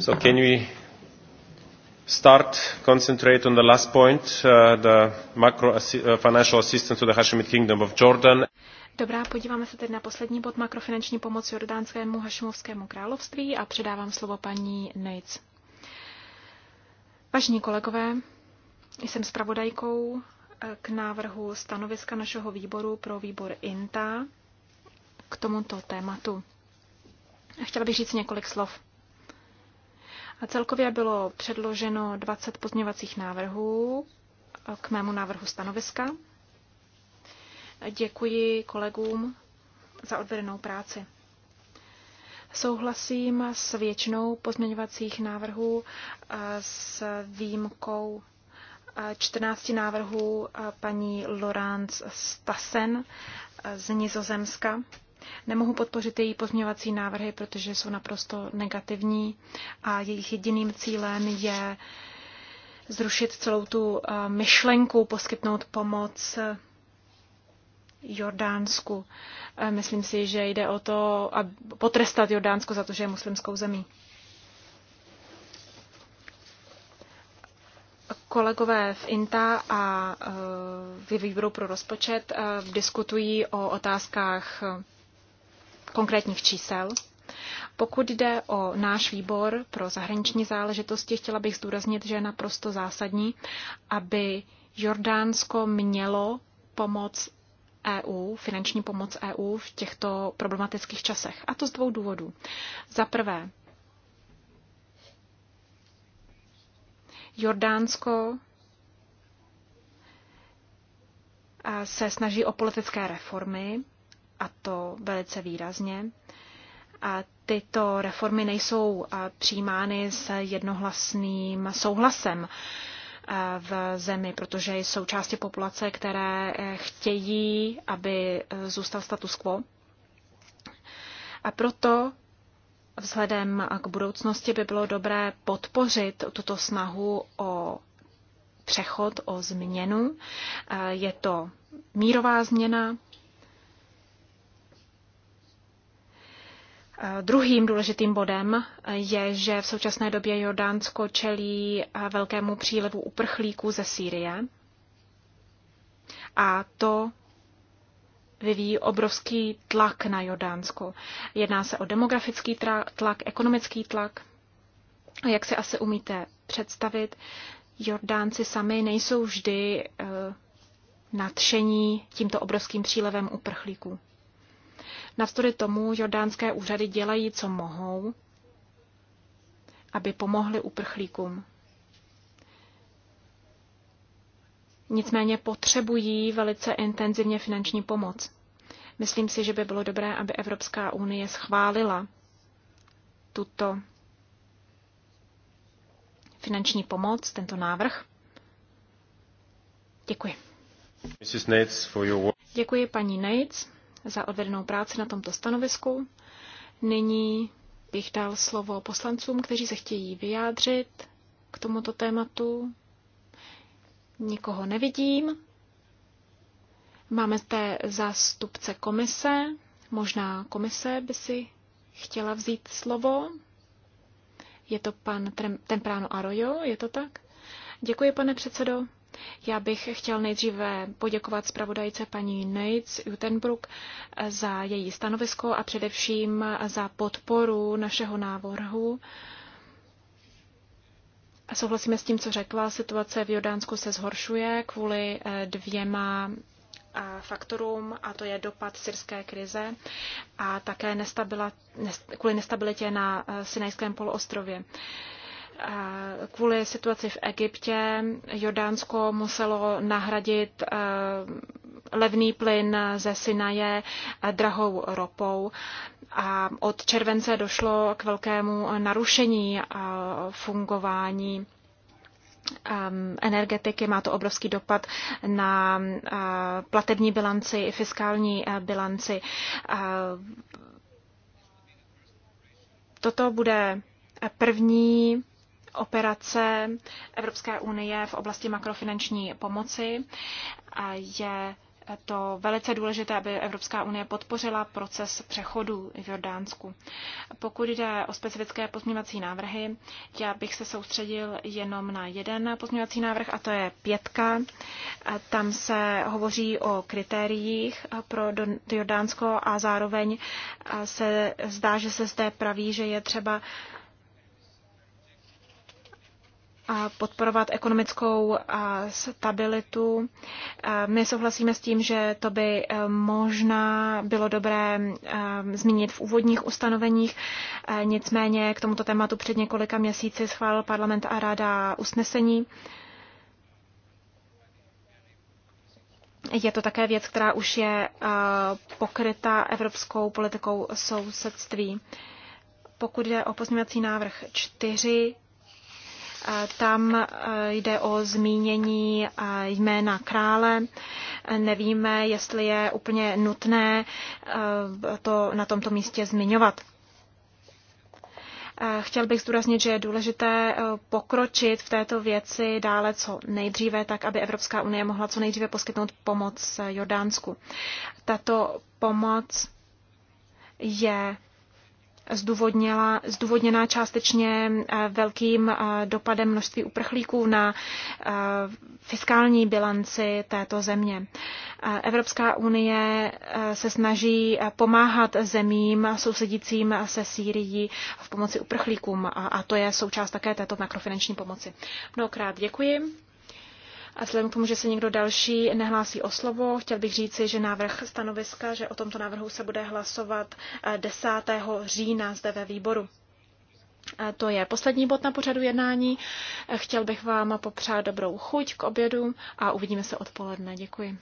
So can we start concentrate on the last point, uh, the macro assi uh, financial assistance to the Hashemite Kingdom of Jordan? Dobrá, podíváme se teď na poslední bod makrofinanční pomoc Jordánskému Hašimovskému království a předávám slovo paní Nejc. Vážení kolegové, jsem zpravodajkou eh, k návrhu stanoviska našeho výboru pro výbor INTA k tomuto tématu. Chtěla bych říct několik slov celkově bylo předloženo 20 pozměňovacích návrhů k mému návrhu stanoviska. Děkuji kolegům za odvedenou práci. Souhlasím s většinou pozměňovacích návrhů s výjimkou 14 návrhů paní Laurence Stassen z Nizozemska. Nemohu podpořit její pozměňovací návrhy, protože jsou naprosto negativní a jejich jediným cílem je zrušit celou tu eh, myšlenku, poskytnout pomoc Jordánsku. Eh, myslím si, že jde o to aby potrestat Jordánsko za to, že je muslimskou zemí. Kolegové v INTA a eh, ve výboru pro rozpočet diskutují o otázkách konkrétních čísel. Pokud jde o náš výbor pro zahraniční záležitosti, chtěla bych zdůraznit, že je naprosto zásadní, aby Jordánsko mělo pomoc EU, finanční pomoc EU v těchto problematických časech. A to z dvou důvodů. Za prvé, Jordánsko se snaží o politické reformy a to velice výrazně. A tyto reformy nejsou přijímány s jednohlasným souhlasem v zemi, protože jsou části populace, které e, chtějí, aby e, zůstal status quo. A proto vzhledem k budoucnosti by bylo dobré podpořit tuto snahu o přechod, o změnu. E, je to mírová změna, Druhým důležitým bodem je, že v současné době Jordánsko čelí velkému přílevu uprchlíků ze Sýrie. A to vyvíjí obrovský tlak na Jordánsko. Jedná se o demografický tlak, ekonomický tlak. A jak si asi umíte představit, Jordánci sami nejsou vždy eh, nadšení tímto obrovským přílevem uprchlíků. Navzdory tomu jordánské úřady dělají, co mohou, aby pomohli uprchlíkům. Nicméně potřebují velice intenzivně finanční pomoc. Myslím si, že by bylo dobré, aby Evropská unie schválila tuto finanční pomoc, tento návrh. Děkuji. Děkuji paní Nates za odvedenou práci na tomto stanovisku. Nyní bych dal slovo poslancům, kteří se chtějí vyjádřit k tomuto tématu. Nikoho nevidím. Máme zde zástupce komise. Možná komise by si chtěla vzít slovo. Je to pan Temprano Arroyo, je to tak? Děkuji, pane předsedo. Já bych chtěl nejdříve poděkovat zpravodajce paní Neitz Jutenbrook za její stanovisko a především za podporu našeho návrhu. Souhlasíme s tím, co řekla. Situace v Jordánsku se zhoršuje kvůli eh, dvěma eh, faktorům, a to je dopad syrské krize a také nestabila, kvůli nestabilitě na eh, Sinajském poloostrově. Kvůli situaci v Egyptě Jordánsko muselo nahradit eh, levný plyn ze Sinaje eh, drahou ropou. A od července došlo k velkému narušení eh, fungování ehm, energetiky. Má to obrovský dopad na platební bilanci, fiskální bilanci. Toto bude první operace Evropské unie v oblasti makrofinanční pomoci. Je to velice důležité, aby Evropská unie podpořila proces přechodu v Jordánsku. Pokud jde o specifické pozměňovací návrhy, já bych se soustředil jenom na jeden pozměňovací návrh, a to je pětka. Tam se hovoří o kritériích pro Jordánsko a zároveň se zdá, že se zde praví, že je třeba podporovat ekonomickou stabilitu. My souhlasíme s tím, že to by e, možná bylo dobré e, zmínit v úvodních ustanoveních. E, nicméně k tomuto tématu před několika měsíci schválil parlament a ráda usnesení. Je to také věc, která už je pokryta evropskou politikou sousedství. Pokud jde o pozměňovací návrh 4, tam e, jde o zmínění e, jména krále. Nevíme, jestli je úplně nutné e, to na tomto místě zmiňovat. Chtěl bych zdůraznit, že je důležité pokročit v této věci dále co nejdříve, tak aby Evropská unie mohla co nejdříve poskytnout pomoc Jordánsku. Tato pomoc je zdůvodněla, zdůvodněná částečně eh, velkým eh, dopadem množství uprchlíků na eh, fiskální bilanci této země. Evropská unie se snaží pomáhat zemím sousedícím se Sýrií v pomoci uprchlíkům a to je součást také této makrofinanční pomoci. Mnohokrát děkuji. A vzhledem k tomu, že se někdo další nehlásí o slovo, chtěl bych říci, že návrh stanoviska, že o tomto návrhu se bude hlasovat 10. Eh, října zde ve výboru. Eh, to je poslední bod na pořadu jednání. Eh, chtěl bych vám popřát dobrou chuť k obědu a uvidíme se odpoledne. Děkuji.